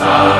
Sa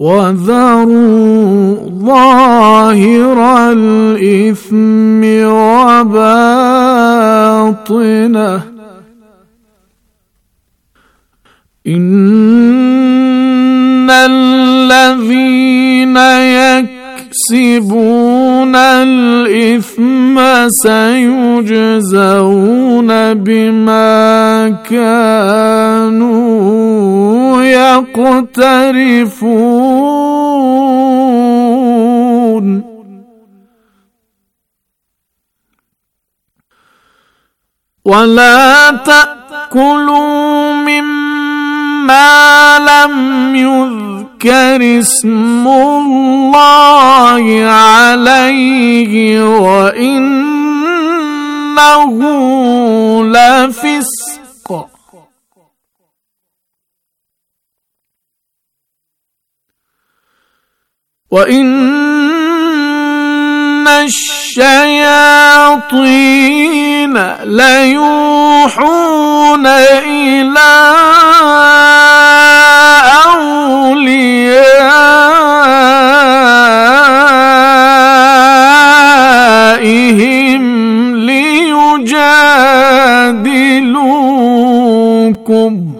وذروا ظاهر الإثم وباطنه إن الذين يكسبون الإثم سيجزون بما كانوا مقترفون ولا تاكلوا مما لم يذكر اسم الله عليه وانه لفسق وإن الشياطين ليوحون إلى أوليائهم ليجادلوكم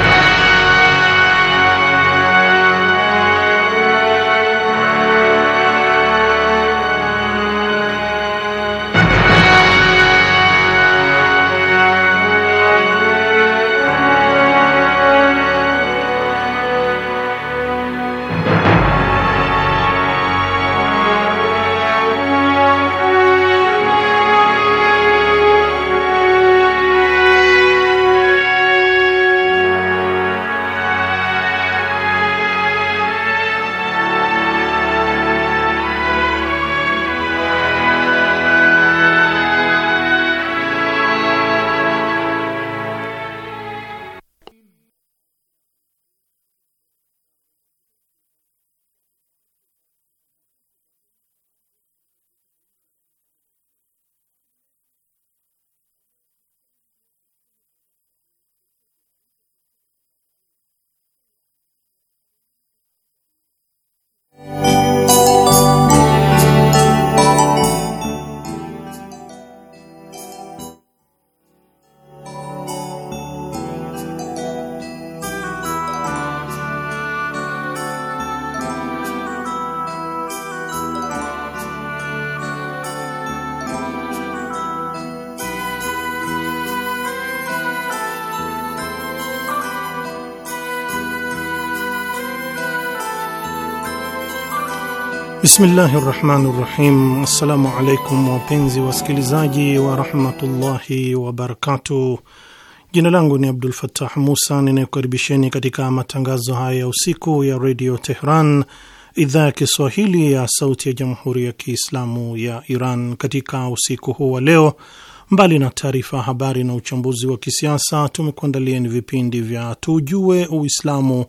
Bismillahi rahmani rahim. Assalamu alaikum wapenzi wasikilizaji warahmatullahi wabarakatuh. Jina langu ni Abdul Fattah Musa ninayekukaribisheni katika matangazo haya ya usiku ya redio Tehran, idhaa ya Kiswahili ya sauti ya jamhuri ya Kiislamu ya Iran. Katika usiku huu wa leo, mbali na taarifa ya habari na uchambuzi wa kisiasa, tumekuandalieni vipindi vya tujue Uislamu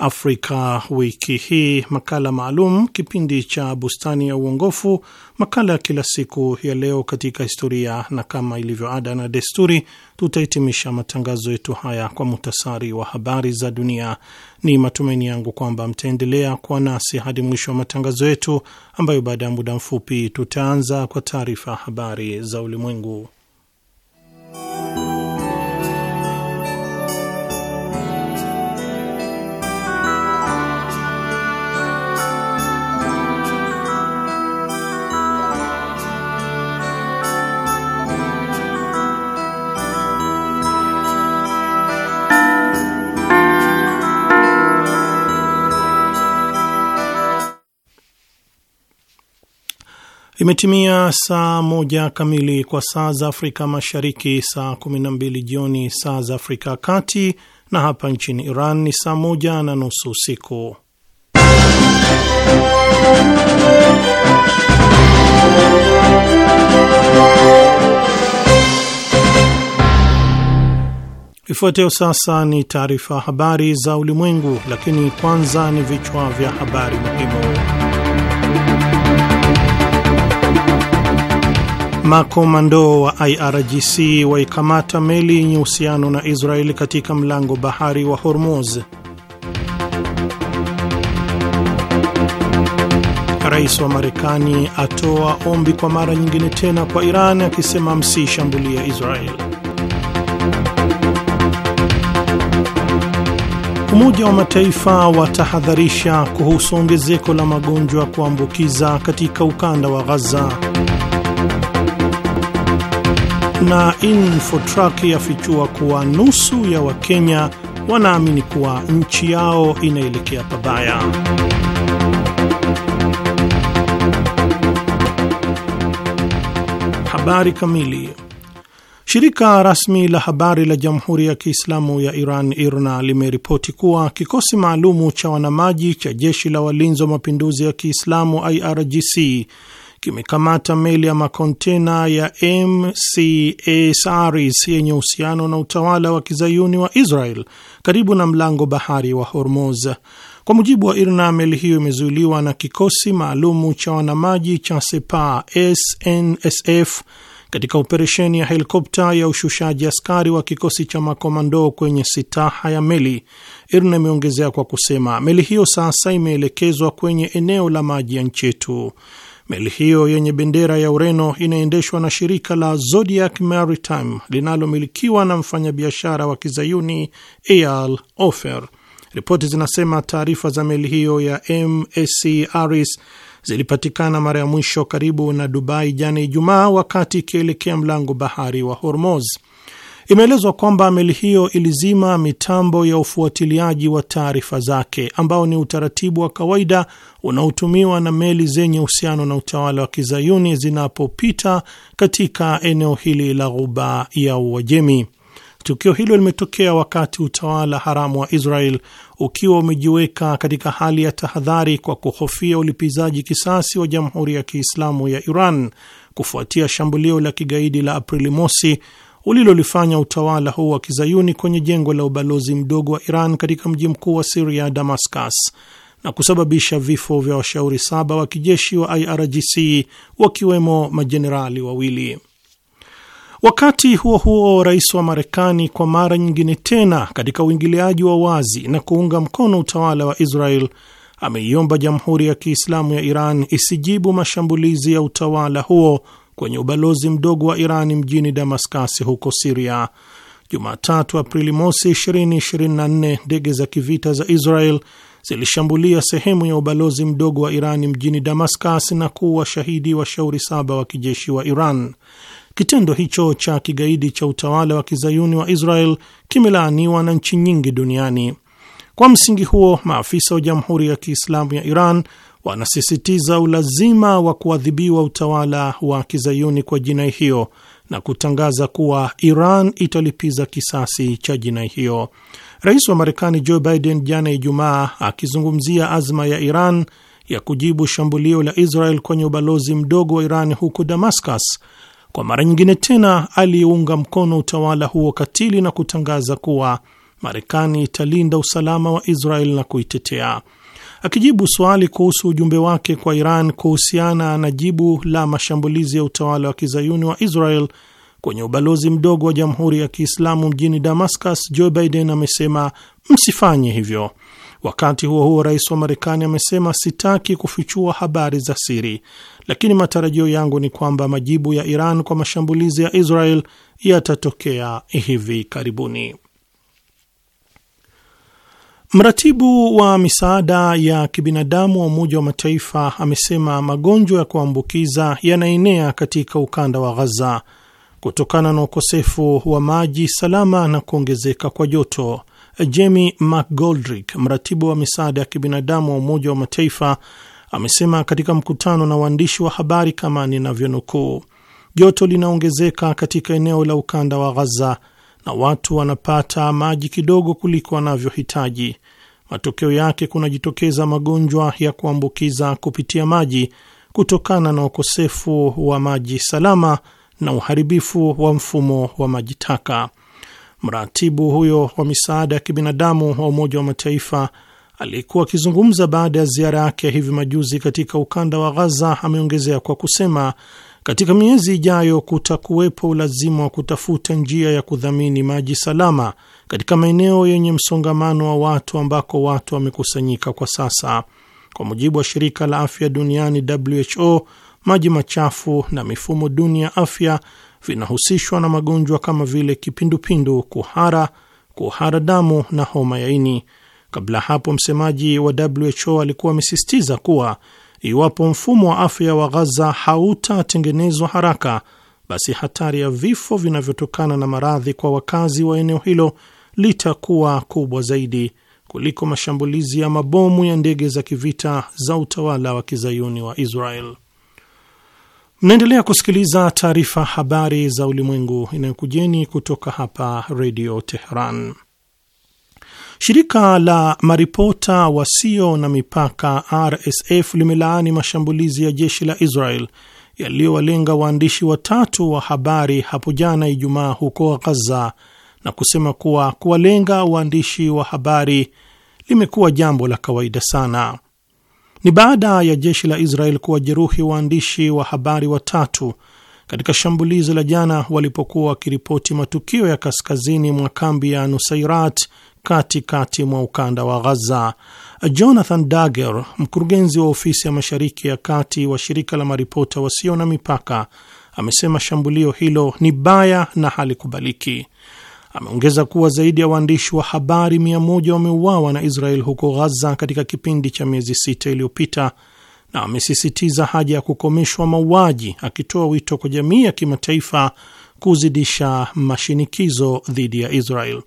Afrika wiki hii, makala maalum, kipindi cha bustani ya uongofu, makala ya kila siku ya leo katika historia, na kama ilivyo ada na desturi, tutahitimisha matangazo yetu haya kwa muhtasari wa habari za dunia. Ni matumaini yangu kwamba mtaendelea kuwa nasi hadi mwisho wa matangazo yetu, ambayo baada ya muda mfupi tutaanza kwa taarifa habari za ulimwengu. Imetimia saa moja kamili kwa saa za Afrika Mashariki, saa 12 jioni saa za Afrika ya Kati, na hapa nchini Iran ni saa moja na nusu usiku. Ifuatayo sasa ni taarifa habari za ulimwengu, lakini kwanza ni vichwa vya habari muhimu. Makomando wa IRGC waikamata meli yenye uhusiano na Israeli katika mlango bahari wa Hormuz. Rais wa Marekani atoa ombi kwa mara nyingine tena kwa Iran akisema msiishambulia Israel. Umoja wa Mataifa watahadharisha kuhusu ongezeko la magonjwa kuambukiza katika ukanda wa Gaza na Infotrak yafichua kuwa nusu ya Wakenya wanaamini kuwa nchi yao inaelekea pabaya. Habari kamili. Shirika rasmi la habari la Jamhuri ya Kiislamu ya Iran IRNA limeripoti kuwa kikosi maalumu cha wanamaji cha jeshi la walinzi wa mapinduzi ya Kiislamu IRGC kimekamata meli ya makontena ya MCS Aris yenye uhusiano na utawala wa kizayuni wa Israel karibu na mlango bahari wa Hormuz. Kwa mujibu wa IRNA, meli hiyo imezuiliwa na kikosi maalumu cha wanamaji cha Sepa SNSF katika operesheni ya helikopta ya ushushaji askari wa kikosi cha makomando kwenye sitaha ya meli. IRNA imeongezea kwa kusema meli hiyo sasa imeelekezwa kwenye eneo la maji ya nchi yetu. Meli hiyo yenye bendera ya Ureno inaendeshwa na shirika la Zodiac Maritime linalomilikiwa na mfanyabiashara wa kizayuni Eyal Ofer. Ripoti zinasema taarifa za meli hiyo ya MSC Aris zilipatikana mara ya mwisho karibu na Dubai jana Ijumaa, wakati ikielekea mlango bahari wa Hormuz. Imeelezwa kwamba meli hiyo ilizima mitambo ya ufuatiliaji wa taarifa zake ambao ni utaratibu wa kawaida unaotumiwa na meli zenye uhusiano na utawala wa kizayuni zinapopita katika eneo hili la Ghuba ya Uajemi. Tukio hilo limetokea wakati utawala haramu wa Israel ukiwa umejiweka katika hali ya tahadhari kwa kuhofia ulipizaji kisasi wa Jamhuri ya Kiislamu ya Iran kufuatia shambulio la kigaidi la Aprili mosi ulilolifanya utawala huo wa kizayuni kwenye jengo la ubalozi mdogo wa Iran katika mji mkuu wa Siria, Damascus, na kusababisha vifo vya washauri saba wa kijeshi wa IRGC wakiwemo majenerali wawili. Wakati huo huo, rais wa Marekani kwa mara nyingine tena, katika uingiliaji wa wazi na kuunga mkono utawala wa Israel, ameiomba Jamhuri ya Kiislamu ya Iran isijibu mashambulizi ya utawala huo kwenye ubalozi mdogo wa Iran mjini Damaskasi huko Siria. Jumatatu Aprili mosi 2024 ndege za kivita za Israel zilishambulia sehemu ya ubalozi mdogo wa Iran mjini Damascus na kuwa shahidi shauri saba wa kijeshi wa Iran. Kitendo hicho cha kigaidi cha utawala wa kizayuni wa Israel kimelaaniwa na nchi nyingi duniani. Kwa msingi huo, maafisa wa Jamhuri ya Kiislamu ya Iran wanasisitiza ulazima wa kuadhibiwa utawala wa kizayuni kwa jinai hiyo na kutangaza kuwa Iran italipiza kisasi cha jinai hiyo. Rais wa Marekani Joe Biden jana Ijumaa, akizungumzia azma ya Iran ya kujibu shambulio la Israel kwenye ubalozi mdogo wa Iran huko Damascus, kwa mara nyingine tena aliunga mkono utawala huo katili na kutangaza kuwa Marekani italinda usalama wa Israel na kuitetea. Akijibu swali kuhusu ujumbe wake kwa Iran kuhusiana na jibu la mashambulizi ya utawala wa kizayuni wa Israel kwenye ubalozi mdogo wa Jamhuri ya Kiislamu mjini Damascus, Joe Biden amesema msifanye hivyo. Wakati huo huo, rais wa Marekani amesema sitaki kufichua habari za siri, lakini matarajio yangu ni kwamba majibu ya Iran kwa mashambulizi ya Israel yatatokea hivi karibuni. Mratibu wa misaada ya kibinadamu wa Umoja wa Mataifa amesema magonjwa ya kuambukiza yanaenea katika ukanda wa Ghaza kutokana na ukosefu wa maji salama na kuongezeka kwa joto. Jamie McGoldrick, mratibu wa misaada ya kibinadamu wa Umoja wa Mataifa, amesema katika mkutano na waandishi wa habari kama ninavyonukuu, joto linaongezeka katika eneo la ukanda wa Ghaza na watu wanapata maji kidogo kuliko wanavyohitaji. Matokeo yake kunajitokeza magonjwa ya kuambukiza kupitia maji kutokana na ukosefu wa maji salama na uharibifu wa mfumo wa maji taka. Mratibu huyo wa misaada ya kibinadamu wa Umoja wa Mataifa aliyekuwa akizungumza baada ya ziara yake hivi majuzi katika ukanda wa Ghaza ameongezea kwa kusema katika miezi ijayo kutakuwepo ulazima wa kutafuta njia ya kudhamini maji salama katika maeneo yenye msongamano wa watu ambako watu wamekusanyika kwa sasa. Kwa mujibu wa shirika la afya duniani WHO, maji machafu na mifumo duni ya afya vinahusishwa na magonjwa kama vile kipindupindu, kuhara, kuhara damu na homa ya ini. Kabla hapo, msemaji wa WHO alikuwa amesisitiza kuwa Iwapo mfumo wa afya wa Ghaza hautatengenezwa haraka, basi hatari ya vifo vinavyotokana na maradhi kwa wakazi wa eneo hilo litakuwa kubwa zaidi kuliko mashambulizi ya mabomu ya ndege za kivita za utawala wa kizayuni wa Israel. Mnaendelea kusikiliza taarifa habari za ulimwengu inayokujeni kutoka hapa Redio Teheran. Shirika la maripota wasio na mipaka RSF limelaani mashambulizi ya jeshi la Israel yaliyowalenga waandishi watatu wa habari hapo jana Ijumaa huko Ghaza na kusema kuwa kuwalenga waandishi wa habari limekuwa jambo la kawaida sana. Ni baada ya jeshi la Israel kuwajeruhi waandishi wa habari watatu katika shambulizi la jana walipokuwa wakiripoti matukio ya kaskazini mwa kambi ya Nusairat katikati mwa ukanda wa Ghaza. Jonathan Dager, mkurugenzi wa ofisi ya mashariki ya kati wa shirika la maripota wasio na mipaka, amesema shambulio hilo ni baya na halikubaliki. Ameongeza kuwa zaidi ya waandishi wa habari mia moja wameuawa na Israel huko Ghaza katika kipindi cha miezi sita iliyopita, na amesisitiza haja ya kukomeshwa mauaji, akitoa wito kwa jamii ya kimataifa kuzidisha mashinikizo dhidi ya Israel.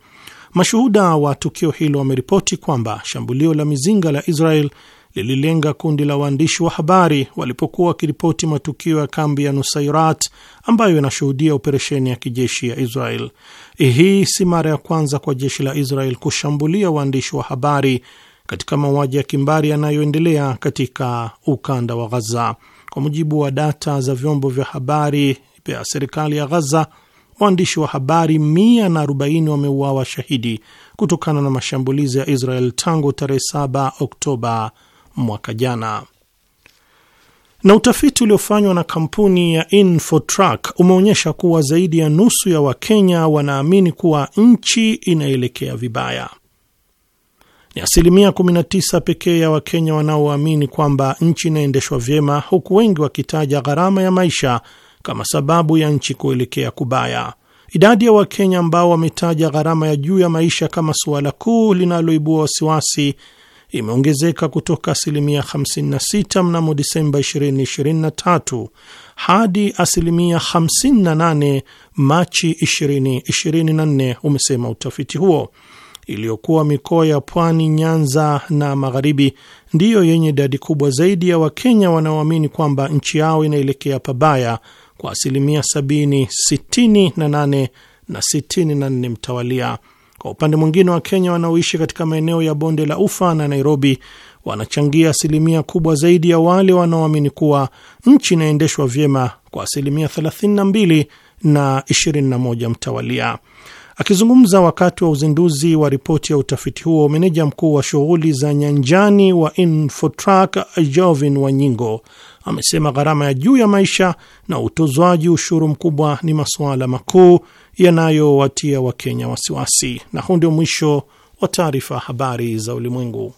Mashuhuda wa tukio hilo wameripoti kwamba shambulio la mizinga la Israel lililenga kundi la waandishi wa habari walipokuwa wakiripoti matukio ya kambi ya Nusairat ambayo inashuhudia operesheni ya kijeshi ya Israel. Hii si mara ya kwanza kwa jeshi la Israel kushambulia waandishi wa habari katika mauaji ya kimbari yanayoendelea katika ukanda wa Ghaza. Kwa mujibu wa data za vyombo vya habari vya serikali ya Ghaza, waandishi wa habari 140 wameuawa shahidi kutokana na mashambulizi ya Israel tangu tarehe 7 Oktoba mwaka jana. Na utafiti uliofanywa na kampuni ya Infotrack umeonyesha kuwa zaidi ya nusu ya Wakenya wanaamini kuwa nchi inaelekea vibaya. Ni asilimia 19 pekee ya Wakenya wanaoamini kwamba nchi inaendeshwa vyema, huku wengi wakitaja gharama ya maisha kama sababu ya nchi kuelekea kubaya. Idadi ya Wakenya ambao wametaja gharama ya juu ya maisha kama suala kuu linaloibua wasiwasi imeongezeka kutoka asilimia 56 mnamo Disemba 2023 hadi asilimia 58 Machi 2024, umesema utafiti huo. Iliyokuwa mikoa ya Pwani, Nyanza na Magharibi ndiyo yenye idadi kubwa zaidi ya Wakenya wanaoamini kwamba nchi yao inaelekea pabaya kwa asilimia 70, 68 na 64 mtawalia. Kwa upande mwingine, Wakenya wanaoishi katika maeneo ya bonde la ufa na Nairobi wanachangia asilimia kubwa zaidi ya wale wanaoamini kuwa nchi inaendeshwa vyema kwa asilimia 32 na 21 mtawalia. Akizungumza wakati wa uzinduzi wa ripoti ya utafiti huo, meneja mkuu wa shughuli za nyanjani wa Infotrack Jovin Wanyingo amesema gharama ya juu ya maisha na utozwaji ushuru mkubwa ni masuala makuu yanayowatia Wakenya wasiwasi. Na huu ndio mwisho wa taarifa habari za ulimwengu.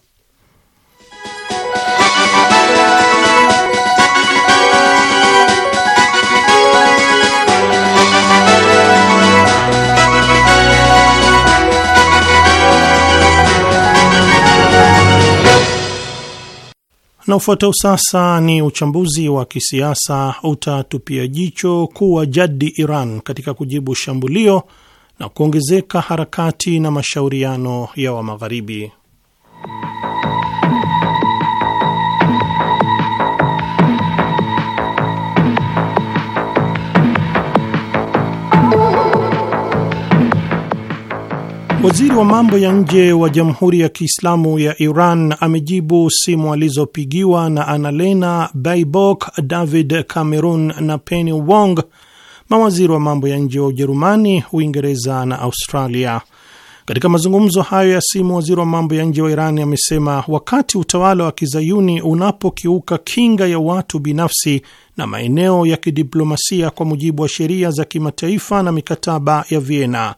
Na ufuatao sasa ni uchambuzi wa kisiasa utatupia jicho kuwa jadi Iran katika kujibu shambulio na kuongezeka harakati na mashauriano ya wa Magharibi. Waziri wa mambo ya nje wa Jamhuri ya Kiislamu ya Iran amejibu simu alizopigiwa na analena baibok David Cameron na Penny Wong, mawaziri wa mambo ya nje wa Ujerumani, Uingereza na Australia. Katika mazungumzo hayo ya simu, waziri wa mambo ya nje wa Irani amesema wakati utawala wa kizayuni unapokiuka kinga ya watu binafsi na maeneo ya kidiplomasia kwa mujibu wa sheria za kimataifa na mikataba ya Vienna,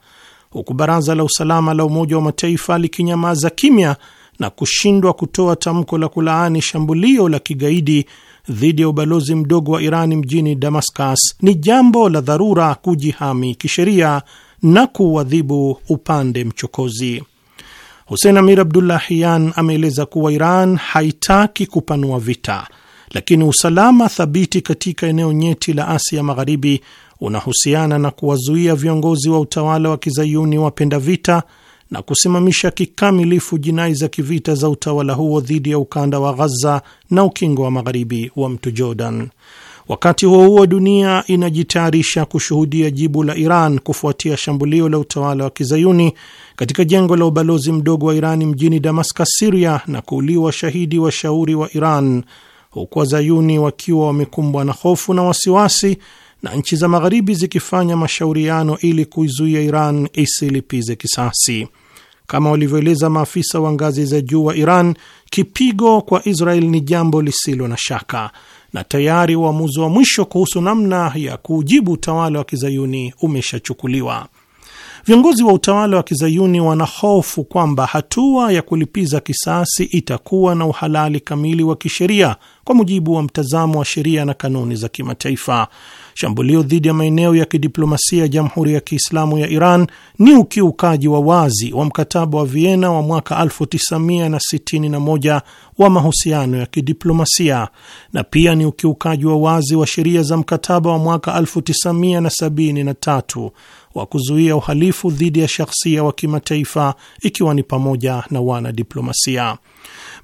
huku baraza la usalama la Umoja wa Mataifa likinyamaza kimya na kushindwa kutoa tamko la kulaani shambulio la kigaidi dhidi ya ubalozi mdogo wa Iran mjini Damascus, ni jambo la dharura kujihami kisheria na kuuadhibu upande mchokozi. Hussein Amir Abdullahian ameeleza kuwa Iran haitaki kupanua vita, lakini usalama thabiti katika eneo nyeti la Asia Magharibi unahusiana na kuwazuia viongozi wa utawala wa kizayuni wapenda vita na kusimamisha kikamilifu jinai za kivita za utawala huo dhidi ya ukanda wa Ghaza na ukingo wa magharibi wa mto Jordan. Wakati huo huo, dunia inajitayarisha kushuhudia jibu la Iran kufuatia shambulio la utawala wa kizayuni katika jengo la ubalozi mdogo wa Irani mjini Damascus, Siria, na kuuliwa shahidi washauri wa Iran, huku wazayuni wakiwa wamekumbwa na hofu na wasiwasi na nchi za Magharibi zikifanya mashauriano ili kuizuia Iran isilipize kisasi. Kama walivyoeleza maafisa wa ngazi za juu wa Iran, kipigo kwa Israel ni jambo lisilo na shaka, na tayari uamuzi wa mwisho kuhusu namna ya kuujibu utawala wa kizayuni umeshachukuliwa. Viongozi wa utawala wa kizayuni wanahofu kwamba hatua ya kulipiza kisasi itakuwa na uhalali kamili wa kisheria kwa mujibu wa mtazamo wa sheria na kanuni za kimataifa. Shambulio dhidi ya maeneo ya kidiplomasia ya Jamhuri ya Kiislamu ya Iran ni ukiukaji wa wazi wa mkataba wa Vienna wa mwaka 1961 wa mahusiano ya kidiplomasia na pia ni ukiukaji wa wazi wa sheria za mkataba wa mwaka 1973 wa kuzuia uhalifu dhidi ya shahsia wa kimataifa ikiwa ni pamoja na wanadiplomasia.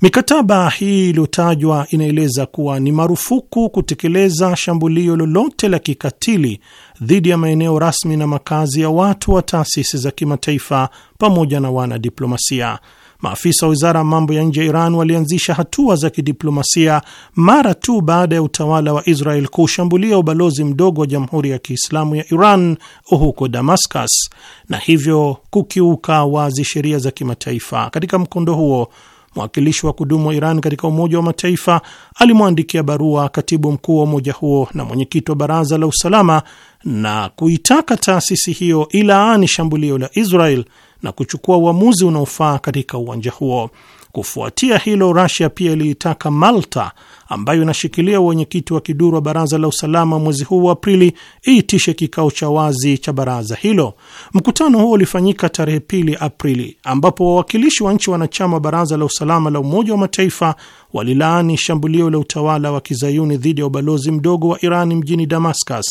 Mikataba hii iliyotajwa inaeleza kuwa ni marufuku kutekeleza shambulio lolote la kikatili dhidi ya maeneo rasmi na makazi ya watu wa taasisi za kimataifa pamoja na wanadiplomasia. Maafisa wa wizara ya mambo ya nje ya Iran walianzisha hatua za kidiplomasia mara tu baada ya utawala wa Israel kushambulia ubalozi mdogo wa Jamhuri ya Kiislamu ya Iran huko Damascus, na hivyo kukiuka wazi sheria za kimataifa. Katika mkondo huo mwakilishi wa kudumu wa Iran katika Umoja wa Mataifa alimwandikia barua katibu mkuu wa umoja huo na mwenyekiti wa Baraza la Usalama na kuitaka taasisi hiyo ilaani shambulio la Israel na kuchukua uamuzi unaofaa katika uwanja huo. Kufuatia hilo, rasia pia iliitaka Malta ambayo inashikilia uwenyekiti wa kiduru wa baraza la usalama mwezi huu wa Aprili iitishe kikao cha wazi cha baraza hilo. Mkutano huo ulifanyika tarehe pili Aprili, ambapo wawakilishi wa nchi wanachama wa baraza la usalama la Umoja wa Mataifa walilaani shambulio la utawala wa kizayuni dhidi ya ubalozi mdogo wa Iran mjini Damascus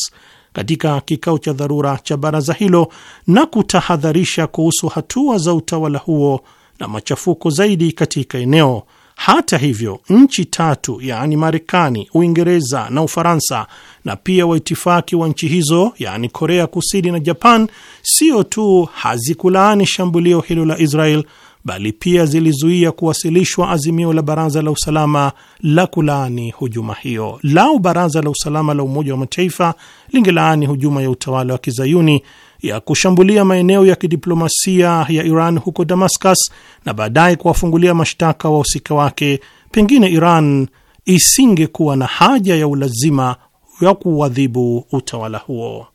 katika kikao cha dharura cha baraza hilo na kutahadharisha kuhusu hatua za utawala huo na machafuko zaidi katika eneo. Hata hivyo, nchi tatu yaani Marekani, Uingereza na Ufaransa na pia waitifaki wa nchi hizo yaani Korea Kusini na Japan sio tu hazikulaani shambulio hilo la Israel bali pia zilizuia kuwasilishwa azimio la Baraza la Usalama la kulaani hujuma hiyo. Lau Baraza la Usalama la Umoja wa Mataifa lingelaani hujuma ya utawala wa kizayuni ya kushambulia maeneo ya kidiplomasia ya Iran huko Damascus na baadaye kuwafungulia mashtaka wahusika wake, pengine Iran isingekuwa na haja ya ulazima ya kuuadhibu utawala huo.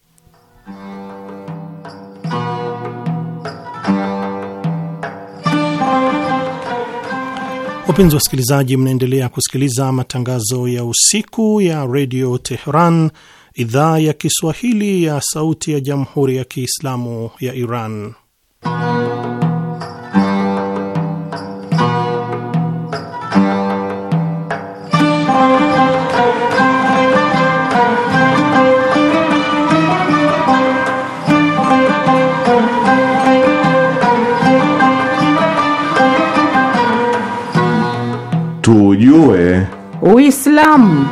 Wapenzi wa wasikilizaji, mnaendelea kusikiliza matangazo ya usiku ya redio Teheran, idhaa ya Kiswahili ya sauti ya jamhuri ya Kiislamu ya Iran. tujue Uislamu.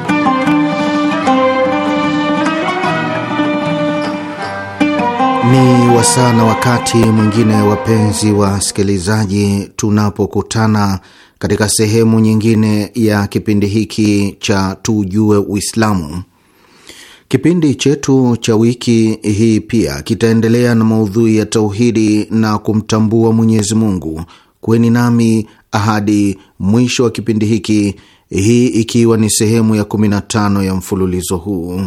Ni wasaa na wakati mwingine, wapenzi wa sikilizaji, tunapokutana katika sehemu nyingine ya kipindi hiki cha tujue Uislamu. Kipindi chetu cha wiki hii pia kitaendelea na maudhui ya tauhidi na kumtambua Mwenyezi Mungu Kuweni nami hadi mwisho wa kipindi hiki, hii ikiwa ni sehemu ya 15 ya mfululizo huu.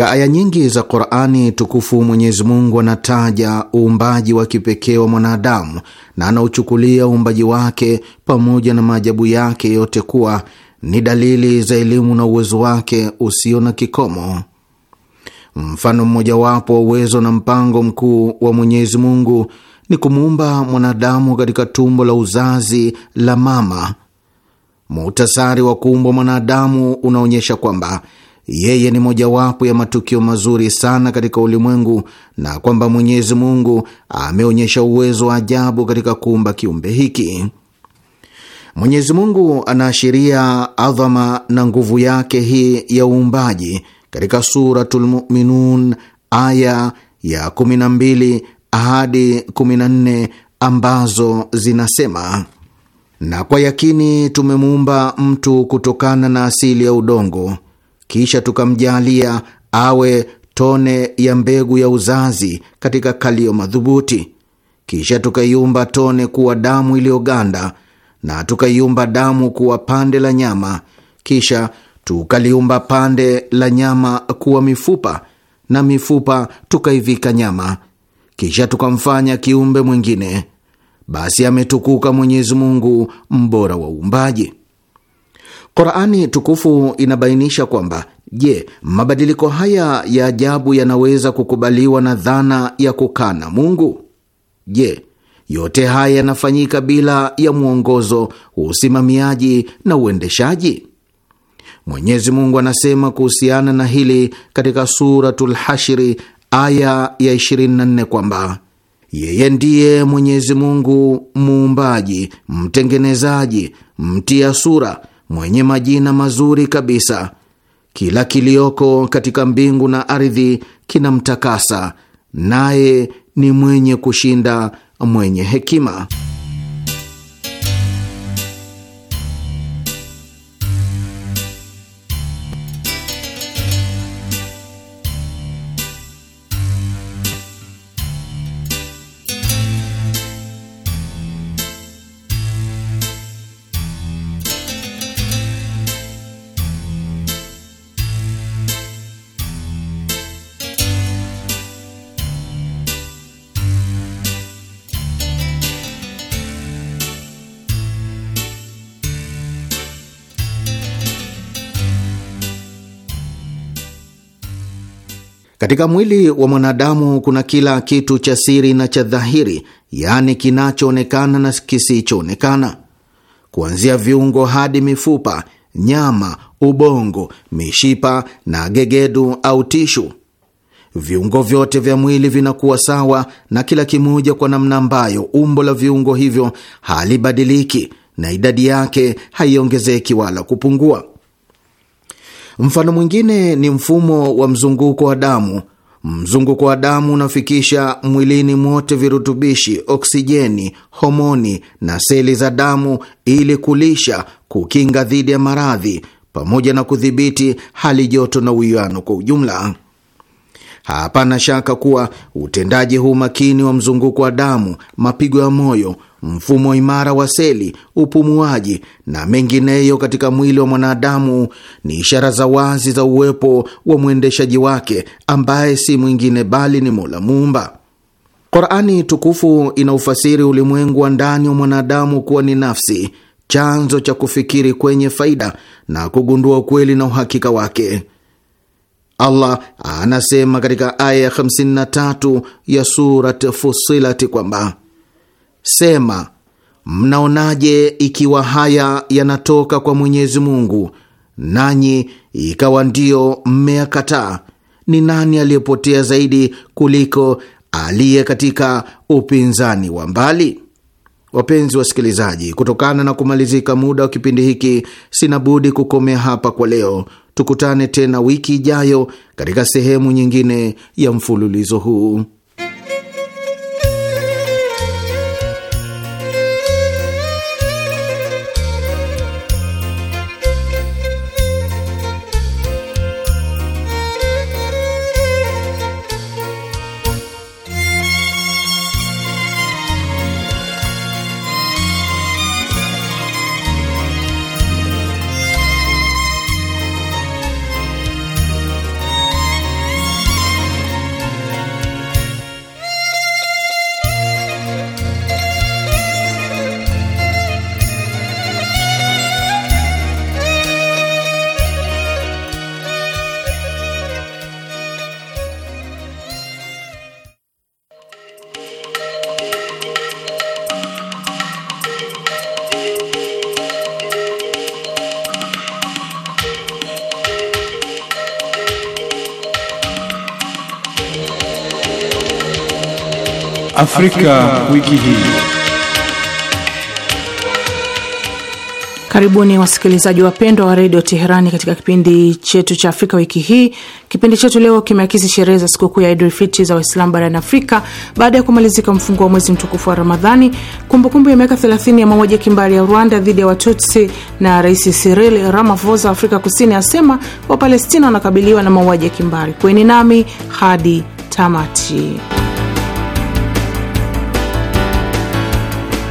Katika aya nyingi za Qurani tukufu Mwenyezi Mungu anataja uumbaji wa kipekee wa mwanadamu na anauchukulia uumbaji wake pamoja na maajabu yake yote kuwa ni dalili za elimu na uwezo wake usio na kikomo. Mfano mmojawapo wa uwezo na mpango mkuu wa Mwenyezi Mungu ni kumuumba mwanadamu katika tumbo la uzazi la mama. Muhtasari wa kuumbwa mwanadamu unaonyesha kwamba yeye ni mojawapo ya matukio mazuri sana katika ulimwengu na kwamba Mwenyezi Mungu ameonyesha uwezo wa ajabu katika kuumba kiumbe hiki. Mwenyezi Mungu anaashiria adhama na nguvu yake hii ya uumbaji katika Suratul Muminun aya ya 12 hadi 14 ambazo zinasema: na kwa yakini tumemuumba mtu kutokana na asili ya udongo kisha tukamjalia awe tone ya mbegu ya uzazi katika kalio madhubuti, kisha tukaiumba tone kuwa damu iliyoganda na tukaiumba damu kuwa pande la nyama, kisha tukaliumba pande la nyama kuwa mifupa na mifupa tukaivika nyama, kisha tukamfanya kiumbe mwingine. Basi ametukuka Mwenyezi Mungu, mbora wa uumbaji. Qurani tukufu inabainisha kwamba je, mabadiliko haya ya ajabu yanaweza kukubaliwa na dhana ya kukana Mungu? Je, yote haya yanafanyika bila ya mwongozo, usimamiaji na uendeshaji? Mwenyezi Mungu anasema kuhusiana na hili katika Suratul Hashri aya ya 24 kwamba yeye ndiye Mwenyezi Mungu muumbaji, mtengenezaji, mtia sura mwenye majina mazuri kabisa. Kila kilioko katika mbingu na ardhi kinamtakasa, naye ni mwenye kushinda, mwenye hekima. Katika mwili wa mwanadamu kuna kila kitu cha siri na cha dhahiri, yaani kinachoonekana na kisichoonekana, kuanzia viungo hadi mifupa, nyama, ubongo, mishipa na gegedu au tishu. Viungo vyote vya mwili vinakuwa sawa na kila kimoja kwa namna ambayo umbo la viungo hivyo halibadiliki na idadi yake haiongezeki wala kupungua. Mfano mwingine ni mfumo wa mzunguko wa damu. Mzunguko wa damu unafikisha mwilini mwote virutubishi, oksijeni, homoni na seli za damu ili kulisha, kukinga dhidi ya maradhi pamoja na kudhibiti hali joto na uwiano kwa ujumla. Hapana shaka kuwa utendaji huu makini wa mzunguko wa damu, mapigo ya moyo mfumo imara wa seli, upumuaji na mengineyo katika mwili wa mwanadamu ni ishara za wazi za uwepo wa mwendeshaji wake ambaye si mwingine bali ni Mola Muumba. Qurani tukufu inaufasiri ulimwengu wa ndani wa mwanadamu kuwa ni nafsi, chanzo cha kufikiri kwenye faida na kugundua ukweli na uhakika wake. Allah anasema katika aya ya 53 ya Surat Fusilati kwamba Sema, mnaonaje ikiwa haya yanatoka kwa Mwenyezi Mungu nanyi ikawa ndiyo mmeyakataa? Ni nani aliyepotea zaidi kuliko aliye katika upinzani wa mbali? Wapenzi wasikilizaji, kutokana na kumalizika muda wa kipindi hiki, sina budi kukomea hapa kwa leo. Tukutane tena wiki ijayo katika sehemu nyingine ya mfululizo huu. Afrika, wiki hii. Karibuni wasikilizaji wapendwa wa redio Teherani katika kipindi chetu cha Afrika wiki hii. Kipindi chetu leo kimeakisi sherehe za sikukuu ya Idul za Waislamu barani Afrika baada ya kumalizika mfungo wa mwezi mtukufu wa Ramadhani, kumbukumbu ya miaka 30 ya mauaji kimbari ya Rwanda dhidi ya Watutsi, na Rais Cyril Ramaphosa wa Afrika Kusini asema Wapalestina wanakabiliwa na mauaji ya kimbari. Kweni nami hadi tamati.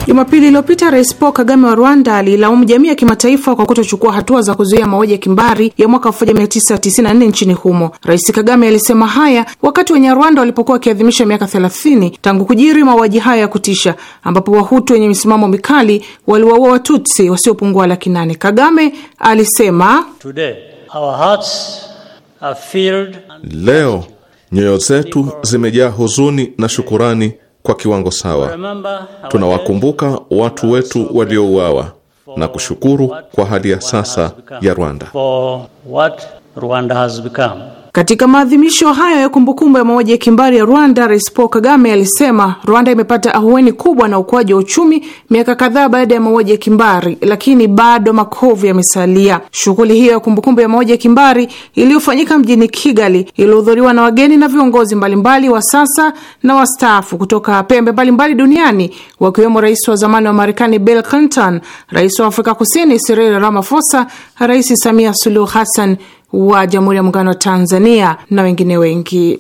Jumapili iliyopita Rais Paul Kagame wa Rwanda aliilaumu jamii ya kimataifa kwa kutochukua hatua za kuzuia mauaji ya kimbari ya mwaka 1994 nchini humo. Rais Kagame alisema haya wakati wenye rwanda walipokuwa wakiadhimisha miaka 30 tangu kujiri mauaji haya ya kutisha, ambapo Wahutu wenye misimamo mikali waliwaua Watutsi wasiopungua laki nane. Kagame alisema Today, our hearts are filled... leo nyoyo zetu zimejaa huzuni na shukurani kwa kiwango sawa. Tunawakumbuka watu wetu waliouawa na kushukuru kwa hali ya sasa ya Rwanda. Katika maadhimisho hayo ya kumbukumbu ya mauaji ya kimbari ya Rwanda, Rais Paul Kagame alisema Rwanda imepata ahueni kubwa na ukuaji wa uchumi miaka kadhaa baada ya mauaji ya kimbari, lakini bado makovu yamesalia. Shughuli hiyo ya kumbukumbu ya mauaji ya kimbari iliyofanyika mjini Kigali iliyohudhuriwa na wageni na viongozi mbalimbali wa sasa na wastaafu kutoka pembe mbalimbali duniani, wakiwemo rais wa zamani wa Marekani Bill Clinton, rais wa Afrika Kusini Cyril Ramaphosa, Rais Samia Suluhu Hassan wa Jamhuri ya Muungano wa Tanzania na wengine wengi.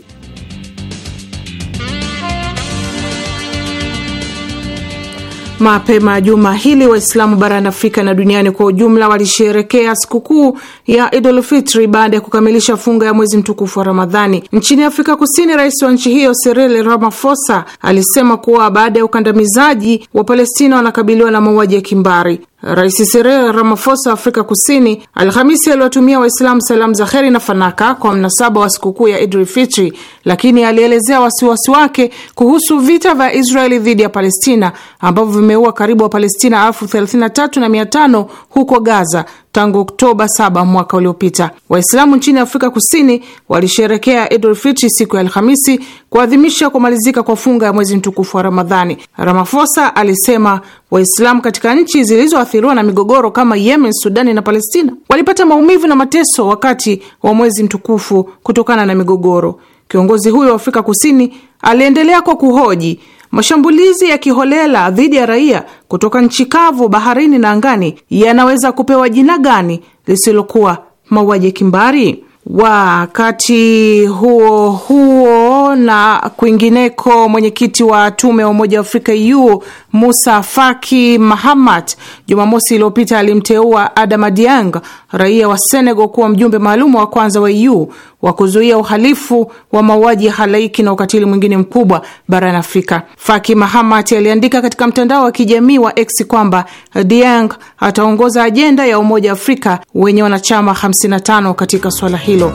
Mapema juma hili Waislamu barani Afrika na duniani kwa ujumla walisherekea sikukuu ya Idul Fitri baada ya kukamilisha funga ya mwezi mtukufu wa Ramadhani. Nchini Afrika Kusini, rais wa nchi hiyo Cyril Ramaphosa alisema kuwa baada ya ukandamizaji, wa palestina wanakabiliwa na mauaji ya kimbari. Rais Cyril Ramaphosa wa Afrika Kusini Alhamisi aliwatumia Waislamu salamu za heri na fanaka kwa mnasaba wa sikukuu ya idri Fitri, lakini alielezea wasiwasi wake kuhusu vita vya Israeli dhidi ya Palestina ambavyo vimeua karibu Wapalestina elfu 33 na mia tano huko Gaza tangu Oktoba 7 mwaka uliopita. Waislamu nchini Afrika Kusini walisherekea Idul Fitri siku ya Alhamisi kuadhimisha kumalizika kwa funga ya mwezi mtukufu wa Ramadhani. ramafosa alisema Waislamu katika nchi zilizoathiriwa na migogoro kama Yemen, Sudani na Palestina walipata maumivu na mateso wakati wa mwezi mtukufu kutokana na migogoro. Kiongozi huyo wa Afrika Kusini aliendelea kwa kuhoji Mashambulizi ya kiholela dhidi ya raia kutoka nchi kavu, baharini na angani yanaweza kupewa jina gani lisilokuwa mauaji kimbari? Wakati huo huo na kwingineko, mwenyekiti wa tume ya Umoja wa Afrika u Musa Faki Mahamat Jumamosi iliyopita alimteua Adama Diang, raia wa Senegal, kuwa mjumbe maalum wa kwanza wa EU wa kuzuia uhalifu wa mauaji ya halaiki na ukatili mwingine mkubwa barani Afrika. Faki Mahamat aliandika katika mtandao wa kijamii wa X kwamba Diang ataongoza ajenda ya Umoja wa Afrika wenye wanachama 55 katika swala hili hilo.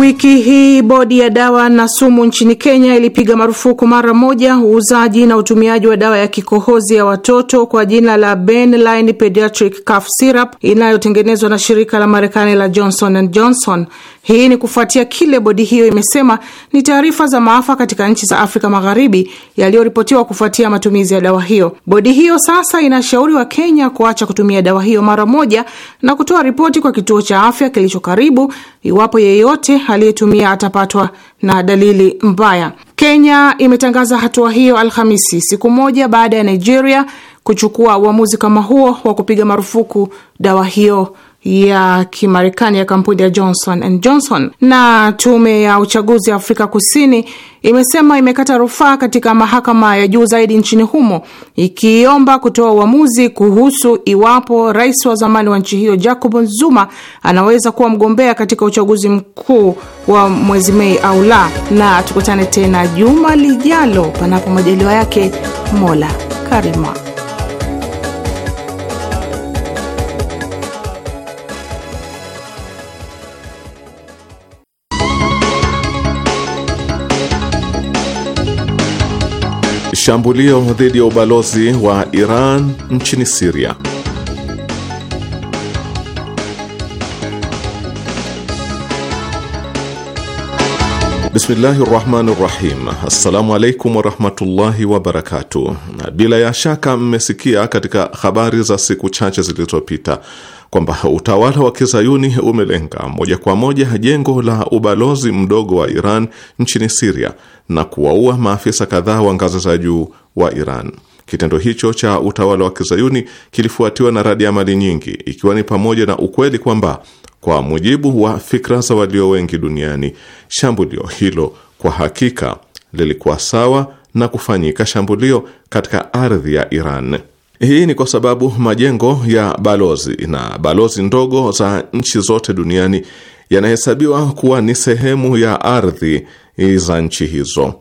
Wiki hii bodi ya dawa na sumu nchini Kenya ilipiga marufuku mara moja uuzaji na utumiaji wa dawa ya kikohozi ya watoto kwa jina la Benline Pediatric Cough Syrup inayotengenezwa na shirika la Marekani la Johnson and Johnson. Hii ni kufuatia kile bodi hiyo imesema ni taarifa za maafa katika nchi za Afrika Magharibi yaliyoripotiwa kufuatia matumizi ya dawa hiyo. Bodi hiyo sasa inashauri wa kenya kuacha kutumia dawa hiyo mara moja na kutoa ripoti kwa kituo cha afya kilicho karibu iwapo yeyote aliyetumia atapatwa na dalili mbaya. Kenya imetangaza hatua hiyo Alhamisi, siku moja baada ya Nigeria kuchukua uamuzi kama huo wa kupiga marufuku dawa hiyo ya Kimarekani ya kampuni ya Johnson and Johnson. Na tume ya uchaguzi ya Afrika Kusini imesema imekata rufaa katika mahakama ya juu zaidi nchini humo ikiomba kutoa uamuzi kuhusu iwapo rais wa zamani wa nchi hiyo Jacob Zuma anaweza kuwa mgombea katika uchaguzi mkuu wa mwezi Mei au la. Na tukutane tena juma lijalo, panapo majaliwa yake Mola Karima. Shambulio dhidi ya ubalozi wa Iran nchini Siria. Bismillahi rahmani rahim. Assalamu alaikum warahmatullahi wabarakatuh. Bila ya shaka mmesikia katika habari za siku chache zilizopita kwamba utawala wa kizayuni umelenga moja kwa moja jengo la ubalozi mdogo wa Iran nchini Siria na kuwaua maafisa kadhaa wa ngazi za juu wa Iran. Kitendo hicho cha utawala wa kizayuni kilifuatiwa na radi ya mali nyingi, ikiwa ni pamoja na ukweli kwamba kwa mujibu wa fikra za walio wengi duniani, shambulio hilo kwa hakika lilikuwa sawa na kufanyika shambulio katika ardhi ya Iran. Hii ni kwa sababu majengo ya balozi na balozi ndogo za nchi zote duniani yanahesabiwa kuwa ni sehemu ya ardhi za nchi hizo.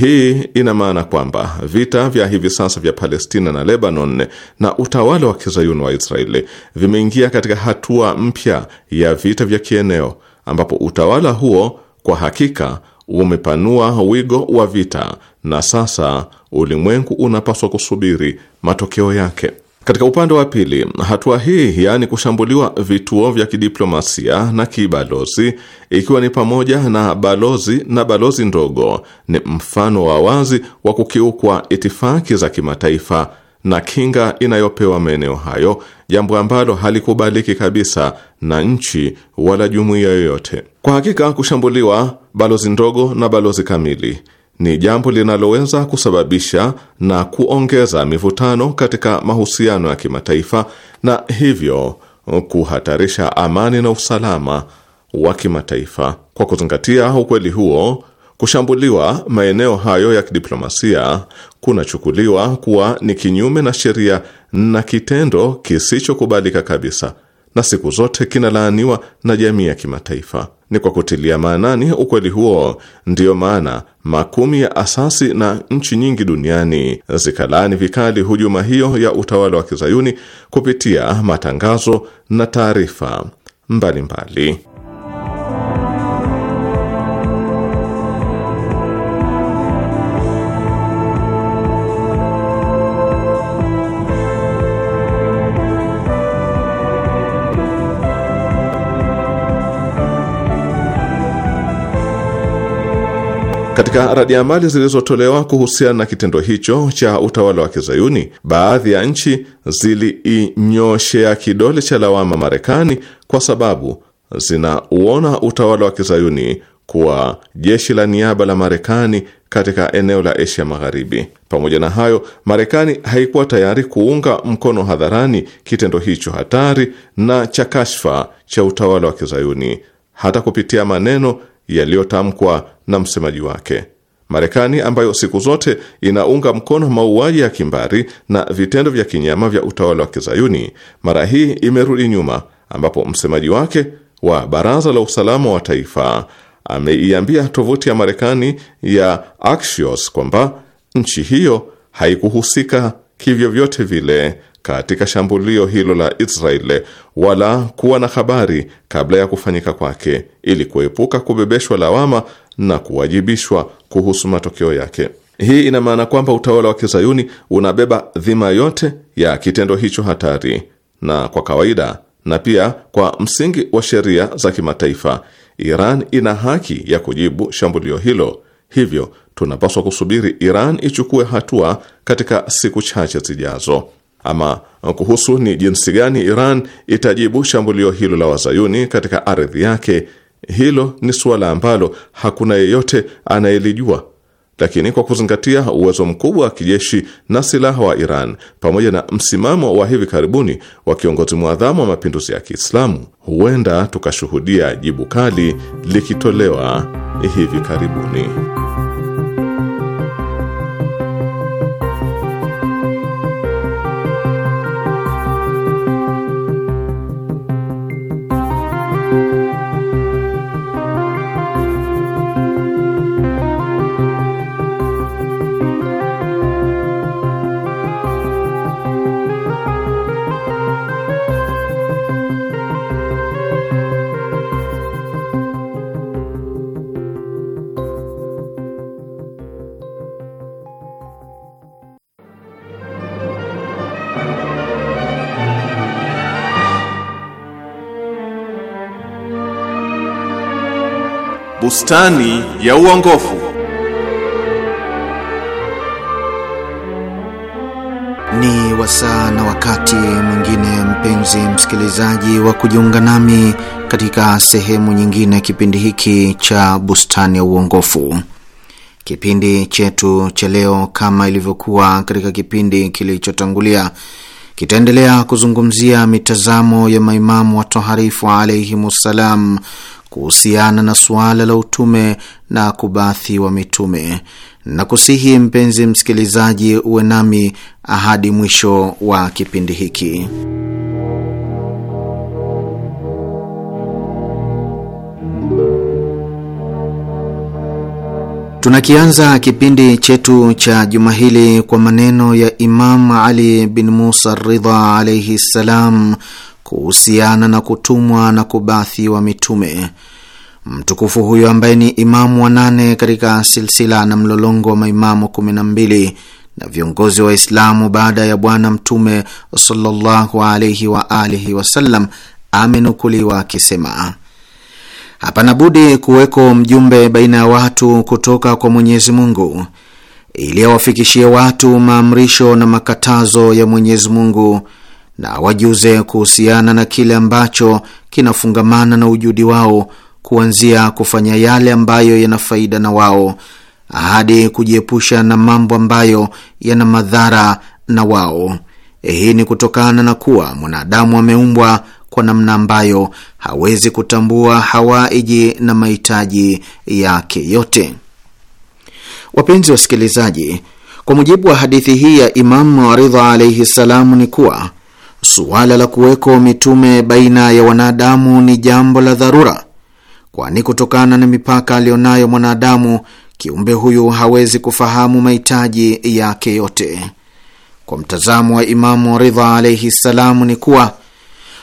Hii ina maana kwamba vita vya hivi sasa vya Palestina na Lebanon na utawala wa kizayuni wa Israeli vimeingia katika hatua mpya ya vita vya kieneo ambapo utawala huo kwa hakika umepanua wigo wa vita na sasa ulimwengu unapaswa kusubiri matokeo yake. Katika upande wa pili, hatua hii yaani kushambuliwa vituo vya kidiplomasia na kibalozi, ikiwa ni pamoja na balozi na balozi ndogo, ni mfano wa wazi wa kukiukwa itifaki za kimataifa na kinga inayopewa maeneo hayo, jambo ambalo halikubaliki kabisa na nchi wala jumuiya yoyote. Kwa hakika, kushambuliwa balozi ndogo na balozi kamili ni jambo linaloweza kusababisha na kuongeza mivutano katika mahusiano ya kimataifa na hivyo kuhatarisha amani na usalama wa kimataifa. Kwa kuzingatia ukweli huo Kushambuliwa maeneo hayo ya kidiplomasia kunachukuliwa kuwa ni kinyume na sheria na kitendo kisichokubalika kabisa, na siku zote kinalaaniwa na jamii ya kimataifa. Ni kwa kutilia maanani ukweli huo, ndiyo maana makumi ya asasi na nchi nyingi duniani zikalaani vikali hujuma hiyo ya utawala wa kizayuni kupitia matangazo na taarifa mbalimbali. Katika radi mali zilizotolewa kuhusiana na kitendo hicho cha utawala wa Kizayuni, baadhi ya nchi ziliinyoshea kidole cha lawama Marekani kwa sababu zinauona utawala wa Kizayuni kuwa jeshi la niaba la Marekani katika eneo la Asia Magharibi. Pamoja na hayo, Marekani haikuwa tayari kuunga mkono hadharani kitendo hicho hatari na cha kashfa cha utawala wa Kizayuni, hata kupitia maneno yaliyotamkwa na msemaji wake. Marekani ambayo siku zote inaunga mkono mauaji ya kimbari na vitendo vya kinyama vya utawala wa kizayuni, mara hii imerudi nyuma, ambapo msemaji wake wa Baraza la Usalama wa Taifa ameiambia tovuti ya Marekani ya Axios kwamba nchi hiyo haikuhusika kivyovyote vile katika shambulio hilo la Israel wala kuwa na habari kabla ya kufanyika kwake ili kuepuka kubebeshwa lawama na kuwajibishwa kuhusu matokeo yake. Hii ina maana kwamba utawala wa kizayuni unabeba dhima yote ya kitendo hicho hatari, na kwa kawaida na pia kwa msingi wa sheria za kimataifa, Iran ina haki ya kujibu shambulio hilo. Hivyo tunapaswa kusubiri Iran ichukue hatua katika siku chache zijazo. Ama kuhusu ni jinsi gani Iran itajibu shambulio hilo la wazayuni katika ardhi yake hilo ni suala ambalo hakuna yeyote anayelijua, lakini kwa kuzingatia uwezo mkubwa wa kijeshi na silaha wa Iran pamoja na msimamo wa hivi karibuni wa kiongozi mwadhamu wa mapinduzi ya Kiislamu, huenda tukashuhudia jibu kali likitolewa hivi karibuni. Bustani ya uongofu. Ni wasaa na wakati mwingine, mpenzi msikilizaji, wa kujiunga nami katika sehemu nyingine ya kipindi hiki cha Bustani ya Uongofu. Kipindi chetu cha leo, kama ilivyokuwa katika kipindi kilichotangulia, kitaendelea kuzungumzia mitazamo ya maimamu watoharifu alaihimussalam kuhusiana na suala la utume na kubathi wa mitume na kusihi mpenzi msikilizaji uwe nami hadi mwisho wa kipindi hiki. Tunakianza kipindi chetu cha juma hili kwa maneno ya Imam Ali bin Musa Ridha alaihi ssalam kuhusiana na kutumwa na kubathiwa mitume. Mtukufu huyo ambaye ni imamu wa nane katika silsila na mlolongo wa maimamu kumi na viongozi wa Waislamu baada ya Bwana Mtume sallallahu alaihi wa alihi wasallam, amenukuliwa akisema hapana budi kuweko mjumbe baina ya watu kutoka kwa Mwenyezi Mungu ili awafikishie watu maamrisho na makatazo ya Mwenyezi Mungu na wajuze kuhusiana na kile ambacho kinafungamana na ujudi wao, kuanzia kufanya yale ambayo yana faida na wao hadi kujiepusha na mambo ambayo yana madhara na wao. Hii ni kutokana na kuwa mwanadamu ameumbwa kwa namna ambayo hawezi kutambua hawaiji na mahitaji yake yote. Wapenzi wasikilizaji, kwa mujibu wa hadithi hii ya Imamu Ridha alaihi salamu ni kuwa Suala la kuweko mitume baina ya wanadamu ni jambo la dharura, kwani kutokana na mipaka aliyonayo mwanadamu, kiumbe huyu hawezi kufahamu mahitaji yake yote. Kwa mtazamo wa Imamu Ridha alaihi ssalamu, ni kuwa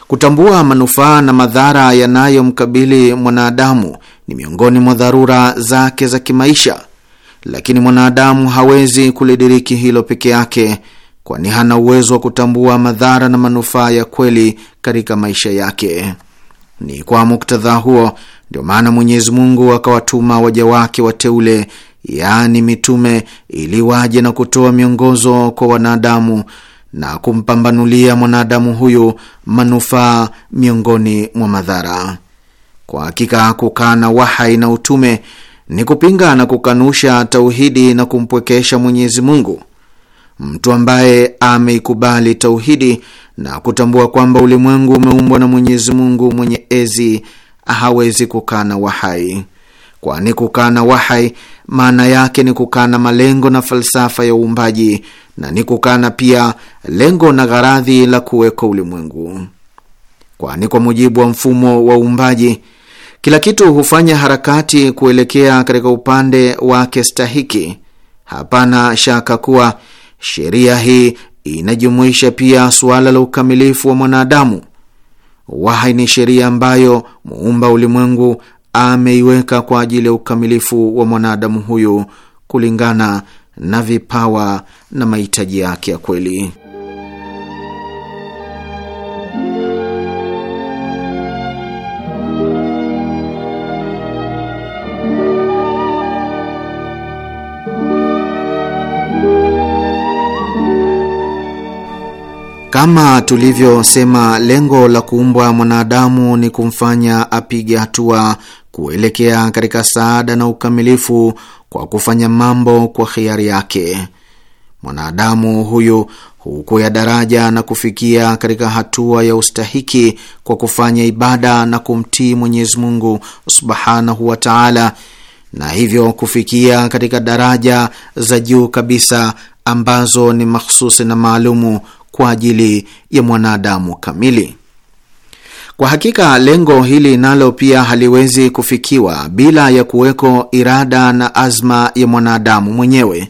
kutambua manufaa na madhara yanayomkabili mwanadamu ni miongoni mwa dharura zake za kimaisha, lakini mwanadamu hawezi kulidiriki hilo peke yake kwani hana uwezo wa kutambua madhara na manufaa ya kweli katika maisha yake. Ni kwa muktadha huo ndio maana Mwenyezi Mungu akawatuma waja wake wateule, yaani mitume, ili waje na kutoa miongozo kwa wanadamu na kumpambanulia mwanadamu huyu manufaa miongoni mwa madhara. Kwa hakika kukana wahai na utume ni kupinga na kukanusha tauhidi na kumpwekesha Mwenyezi Mungu Mtu ambaye ameikubali tauhidi na kutambua kwamba ulimwengu umeumbwa na Mwenyezi Mungu mwenye ezi hawezi kukana wahai, kwani kukana wahai maana yake ni kukana malengo na falsafa ya uumbaji na ni kukana pia lengo na gharadhi la kuweko ulimwengu, kwani kwa mujibu wa mfumo wa uumbaji kila kitu hufanya harakati kuelekea katika upande wake stahiki. Hapana shaka kuwa Sheria hii inajumuisha pia suala la ukamilifu wa mwanadamu. Wahai ni sheria ambayo muumba ulimwengu ameiweka kwa ajili ya ukamilifu wa mwanadamu huyu kulingana na vipawa na mahitaji yake ya kweli. Kama tulivyosema, lengo la kuumbwa mwanadamu ni kumfanya apige hatua kuelekea katika saada na ukamilifu kwa kufanya mambo kwa hiari yake. Mwanadamu huyu hukuya daraja na kufikia katika hatua ya ustahiki kwa kufanya ibada na kumtii Mwenyezi Mungu subhanahu wa taala, na hivyo kufikia katika daraja za juu kabisa ambazo ni makhususi na maalumu kwa ajili ya mwanadamu kamili. Kwa hakika lengo hili nalo pia haliwezi kufikiwa bila ya kuweko irada na azma ya mwanadamu mwenyewe,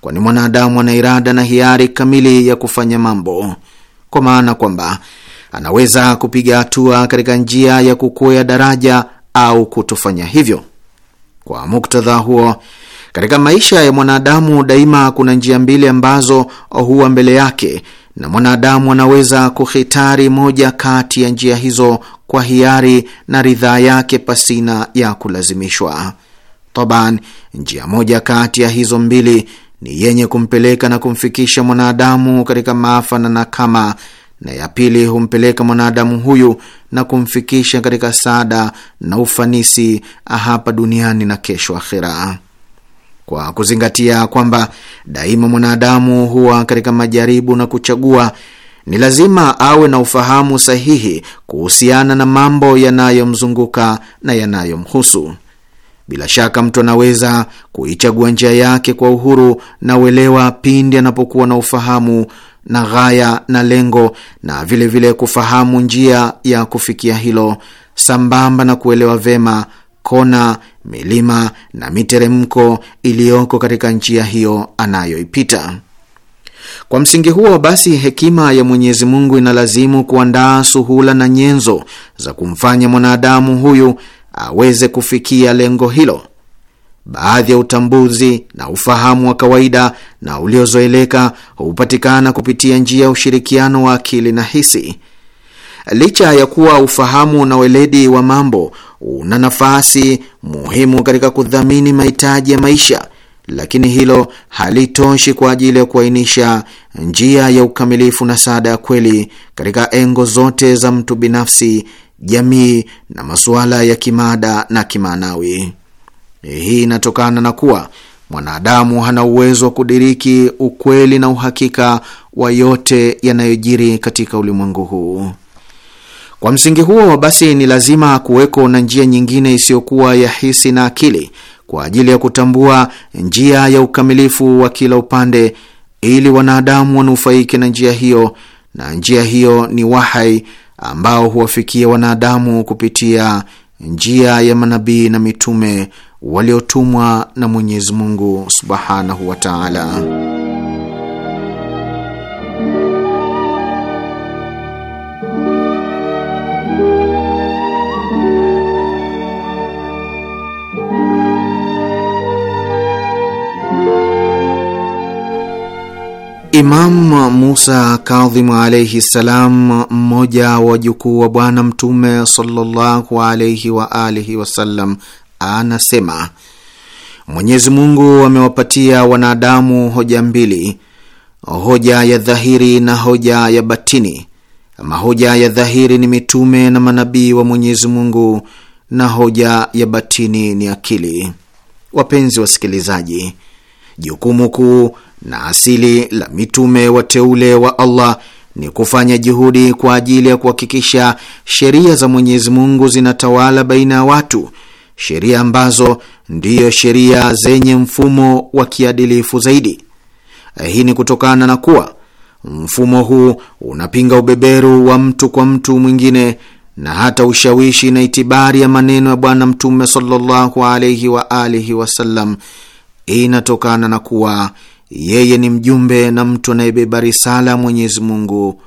kwani mwanadamu ana irada na hiari kamili ya kufanya mambo, kwa maana kwamba anaweza kupiga hatua katika njia ya kukwea daraja au kutofanya hivyo. Kwa muktadha huo, katika maisha ya mwanadamu daima kuna njia mbili ambazo huwa mbele yake na mwanadamu anaweza kuhitari moja kati ya njia hizo kwa hiari na ridhaa yake pasina ya kulazimishwa. Taban, njia moja kati ya hizo mbili ni yenye kumpeleka na kumfikisha mwanadamu katika maafa na nakama, na ya pili humpeleka mwanadamu huyu na kumfikisha katika saada na ufanisi hapa duniani na kesho akhira kwa kuzingatia kwamba daima mwanadamu huwa katika majaribu na kuchagua, ni lazima awe na ufahamu sahihi kuhusiana na mambo yanayomzunguka na yanayomhusu. Bila shaka mtu anaweza kuichagua njia yake kwa uhuru na uelewa pindi anapokuwa na ufahamu na ghaya na lengo, na vilevile vile kufahamu njia ya kufikia hilo, sambamba na kuelewa vema kona, milima na miteremko iliyoko katika njia hiyo anayoipita. Kwa msingi huo basi, hekima ya Mwenyezi Mungu inalazimu kuandaa suhula na nyenzo za kumfanya mwanadamu huyu aweze kufikia lengo hilo. Baadhi ya utambuzi na ufahamu wa kawaida na uliozoeleka hupatikana kupitia njia ya ushirikiano wa akili na hisi licha ya kuwa ufahamu na weledi wa mambo una nafasi muhimu katika kudhamini mahitaji ya maisha, lakini hilo halitoshi kwa ajili ya kuainisha njia ya ukamilifu na saada ya kweli katika engo zote za mtu binafsi, jamii na masuala ya kimada na kimaanawi. Hii inatokana na kuwa mwanadamu hana uwezo wa kudiriki ukweli na uhakika wa yote yanayojiri katika ulimwengu huu. Kwa msingi huo basi, ni lazima kuweko na njia nyingine isiyokuwa ya hisi na akili kwa ajili ya kutambua njia ya ukamilifu wa kila upande, ili wanadamu wanufaike na njia hiyo, na njia hiyo ni wahai ambao huwafikia wanadamu kupitia njia ya manabii na mitume waliotumwa na Mwenyezi Mungu subhanahu wa taala. Imam Musa Kadhimu alaihi ssalam, mmoja wa jukuu wa Bwana Mtume sallallahu alaihi wa alihi wasallam, anasema Mwenyezi Mungu amewapatia wanadamu hoja mbili, hoja ya dhahiri na hoja ya batini. Mahoja ya dhahiri ni mitume na manabii wa Mwenyezi Mungu, na hoja ya batini ni akili. Wapenzi wasikilizaji, jukumu kuu na asili la mitume wateule wa Allah ni kufanya juhudi kwa ajili ya kuhakikisha sheria za Mwenyezi Mungu zinatawala baina ya watu, sheria ambazo ndiyo sheria zenye mfumo wa kiadilifu zaidi. Hii ni kutokana na kuwa mfumo huu unapinga ubeberu wa mtu kwa mtu mwingine na hata ushawishi na itibari ya maneno ya Bwana Mtume sallallahu alaihi wa alihi wasallam inatokana na kuwa yeye ni mjumbe na mtu anayebeba risala ya Mwenyezi Mungu.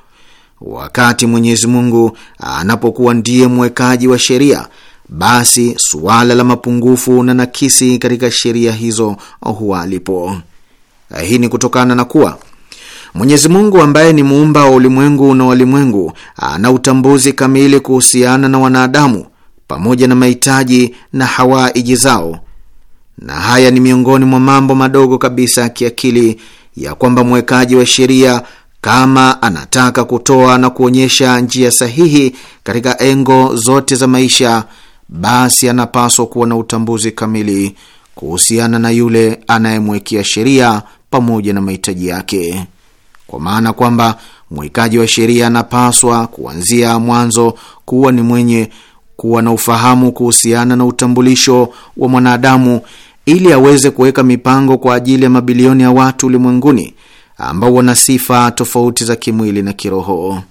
Wakati Mwenyezi Mungu anapokuwa ndiye mwekaji wa sheria, basi suala la mapungufu na nakisi katika sheria hizo huwa alipo. Hii ni kutokana na kuwa Mwenyezi Mungu ambaye ni muumba wa ulimwengu na walimwengu ana utambuzi kamili kuhusiana na wanadamu pamoja na mahitaji na hawaiji zao na haya ni miongoni mwa mambo madogo kabisa ya kiakili ya kwamba mwekaji wa sheria kama anataka kutoa na kuonyesha njia sahihi katika engo zote za maisha, basi anapaswa kuwa na utambuzi kamili kuhusiana na yule anayemwekea sheria pamoja na mahitaji yake, kwa maana kwamba mwekaji wa sheria anapaswa kuanzia mwanzo kuwa ni mwenye kuwa na ufahamu kuhusiana na utambulisho wa mwanadamu ili aweze kuweka mipango kwa ajili ya mabilioni ya watu ulimwenguni ambao wana sifa tofauti za kimwili na kiroho.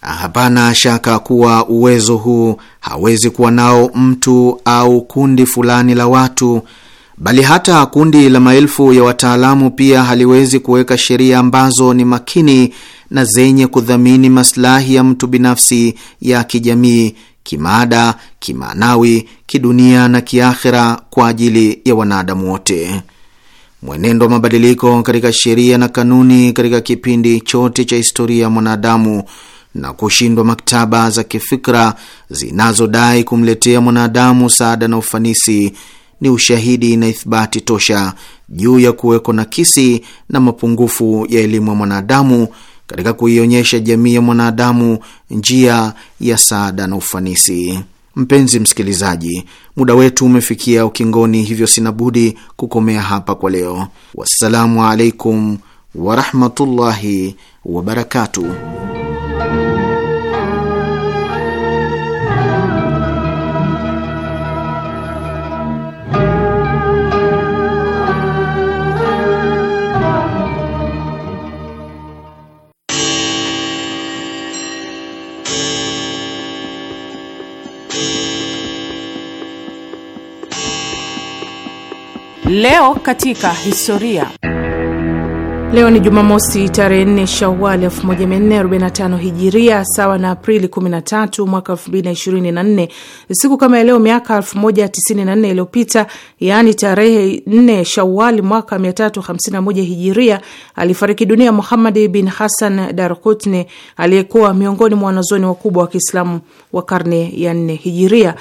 Hapana shaka kuwa uwezo huu hawezi kuwa nao mtu au kundi fulani la watu, bali hata kundi la maelfu ya wataalamu pia haliwezi kuweka sheria ambazo ni makini na zenye kudhamini masilahi ya mtu binafsi, ya kijamii, kimaada, kimaanawi, kidunia na kiakhira kwa ajili ya wanadamu wote. Mwenendo wa mabadiliko katika sheria na kanuni katika kipindi chote cha historia ya mwanadamu na kushindwa maktaba za kifikra zinazodai kumletea mwanadamu saada na ufanisi ni ushahidi na ithibati tosha juu ya kuweko nakisi na mapungufu ya elimu ya mwanadamu katika kuionyesha jamii ya mwanadamu njia ya saada na ufanisi. Mpenzi msikilizaji, muda wetu umefikia ukingoni, hivyo sina budi kukomea hapa kwa leo. Wassalamu alaikum warahmatullahi wabarakatuh. Leo katika historia. Leo ni Jumamosi tarehe nne Shawali 1445 Hijiria, sawa na Aprili 13 mwaka 2024. Siku kama leo miaka 1094 iliyopita, yaani tarehe nne Shawali mwaka 351 Hijiria, alifariki dunia Muhammad bin Hassan Darqutni, aliyekuwa miongoni mwa wanazoni wakubwa wa Kiislamu wa karne ya nne Hijiria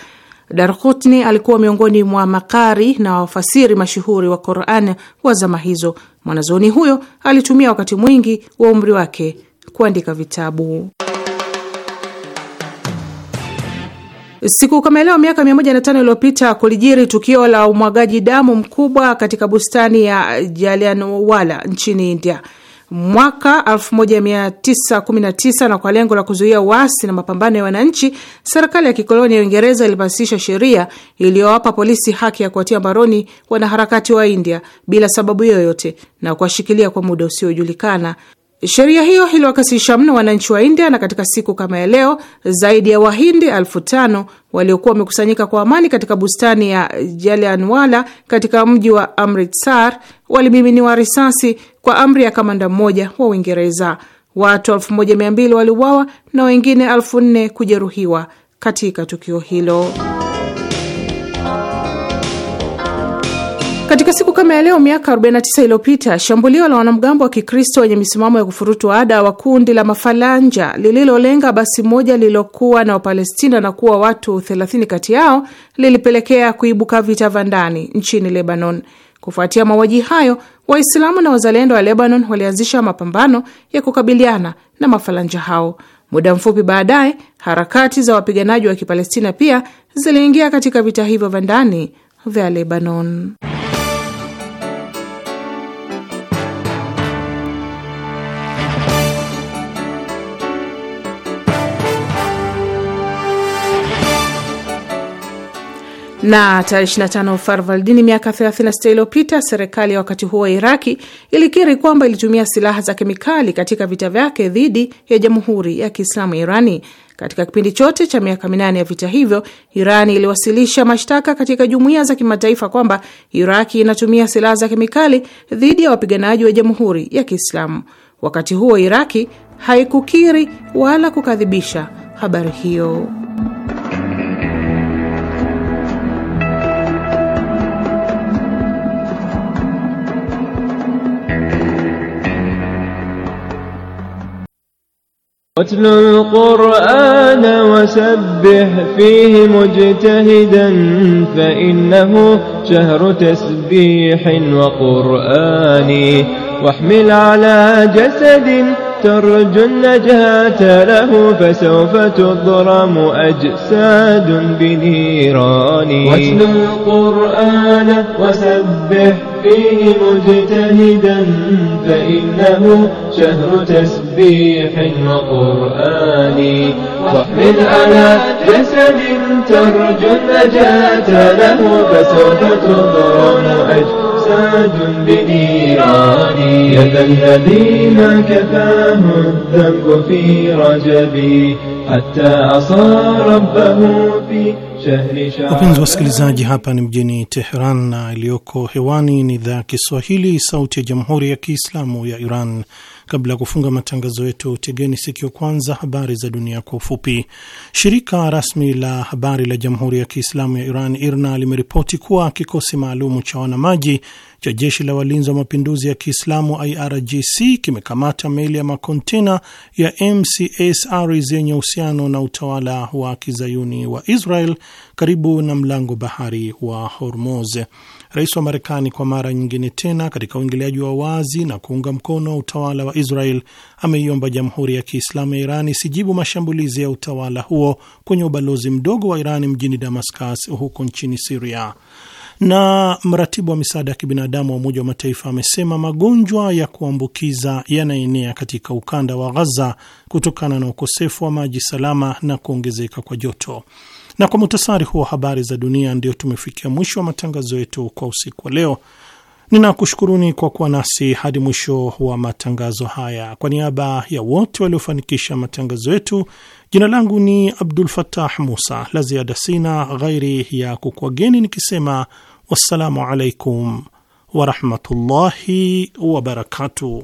darkhutni alikuwa miongoni mwa makari na wafasiri mashuhuri wa Qur'an wa zama hizo. mwanazoni huyo alitumia wakati mwingi wa umri wake kuandika vitabu. Siku kama leo miaka 105 iliyopita kulijiri tukio la umwagaji damu mkubwa katika bustani ya jalianwala nchini India. Mwaka 1919 na kwa lengo la kuzuia uasi na mapambano ya wananchi, serikali ya kikoloni ya Uingereza ilipasisha sheria iliyowapa polisi haki ya kuwatia mbaroni wanaharakati wa India bila sababu yoyote na kuwashikilia kwa muda usiojulikana Sheria hiyo iliwakasisha mno wananchi wa India, na katika siku kama ya leo zaidi ya Wahindi elfu tano waliokuwa wamekusanyika kwa amani katika bustani ya Jalianwala katika mji wa Amritsar walimiminiwa risasi kwa amri ya kamanda mmoja wa Uingereza. Watu 1200 waliuawa na wengine nne kujeruhiwa katika tukio hilo. Katika siku kama ya leo miaka 49 iliyopita shambulio la wanamgambo wa Kikristo wenye misimamo ya kufurutu ada wa kundi la Mafalanja lililolenga basi moja lililokuwa na Wapalestina na kuwa watu 30 kati yao lilipelekea kuibuka vita vya ndani nchini Lebanon. Kufuatia mauaji hayo, Waislamu na wazalendo wa Lebanon walianzisha mapambano ya kukabiliana na Mafalanja hao. Muda mfupi baadaye, harakati za wapiganaji wa Kipalestina pia ziliingia katika vita hivyo vya ndani vya Lebanon. na tarehe 25 Farvaldini, miaka 36 iliyopita, serikali ya wakati huo wa Iraki ilikiri kwamba ilitumia silaha za kemikali katika vita vyake dhidi ya Jamhuri ya Kiislamu ya Irani. Katika kipindi chote cha miaka minane ya vita hivyo, Irani iliwasilisha mashtaka katika jumuiya za kimataifa kwamba Iraki inatumia silaha za kemikali dhidi ya wapiganaji wa Jamhuri ya Kiislamu. Wakati huo Iraki haikukiri wala kukadhibisha habari hiyo. واتل القرآن وسبح فيه مجتهدا فإنه شهر تسبيح وقرآن واحمل على جسد ترجو النجاة له فسوف تضرم أجساد بنيران واتل القرآن وسبح فيه مجتهدا فإنه شهر تسبيح وقرآن واحمل على جسد ترجو النجاة له فسوف تضرم أجل وسعد بنيراني يد الذين كفاه الذنب في رجبي حتى عصى ربه في Wapenzi wasikilizaji, hapa ni mjini Teheran na iliyoko hewani ni idhaa ya Kiswahili, sauti ya jamhuri ya kiislamu ya Iran Kabla ya kufunga matangazo yetu, tegeni sikio kwanza habari za dunia kwa ufupi. Shirika rasmi la habari la Jamhuri ya Kiislamu ya Iran IRNA limeripoti kuwa kikosi maalum cha wanamaji cha jeshi la walinzi wa mapinduzi ya Kiislamu IRGC kimekamata meli ya makontena ya MCS yenye uhusiano na utawala wa kizayuni wa Israel karibu na mlango bahari wa Hormuz. Rais wa Marekani kwa mara nyingine tena, katika uingiliaji wa wazi na kuunga mkono utawala wa Israel, ameiomba Jamhuri ya Kiislamu ya Iran isijibu mashambulizi ya utawala huo kwenye ubalozi mdogo wa Iran mjini Damascus huko nchini Siria. Na mratibu wa misaada ya kibinadamu wa Umoja wa Mataifa amesema magonjwa ya kuambukiza yanaenea katika ukanda wa Ghaza kutokana na ukosefu wa maji salama na kuongezeka kwa joto. Na kwa muhtasari huo habari za dunia, ndio tumefikia mwisho wa matangazo yetu kwa usiku wa leo. Ninakushukuruni kwa kuwa nasi hadi mwisho wa matangazo haya. Kwa niaba ya wote waliofanikisha matangazo yetu, jina langu ni Abdul fatah Musa. La ziada sina ghairi ya kukwageni nikisema wassalamu alaikum warahmatullahi wabarakatuh.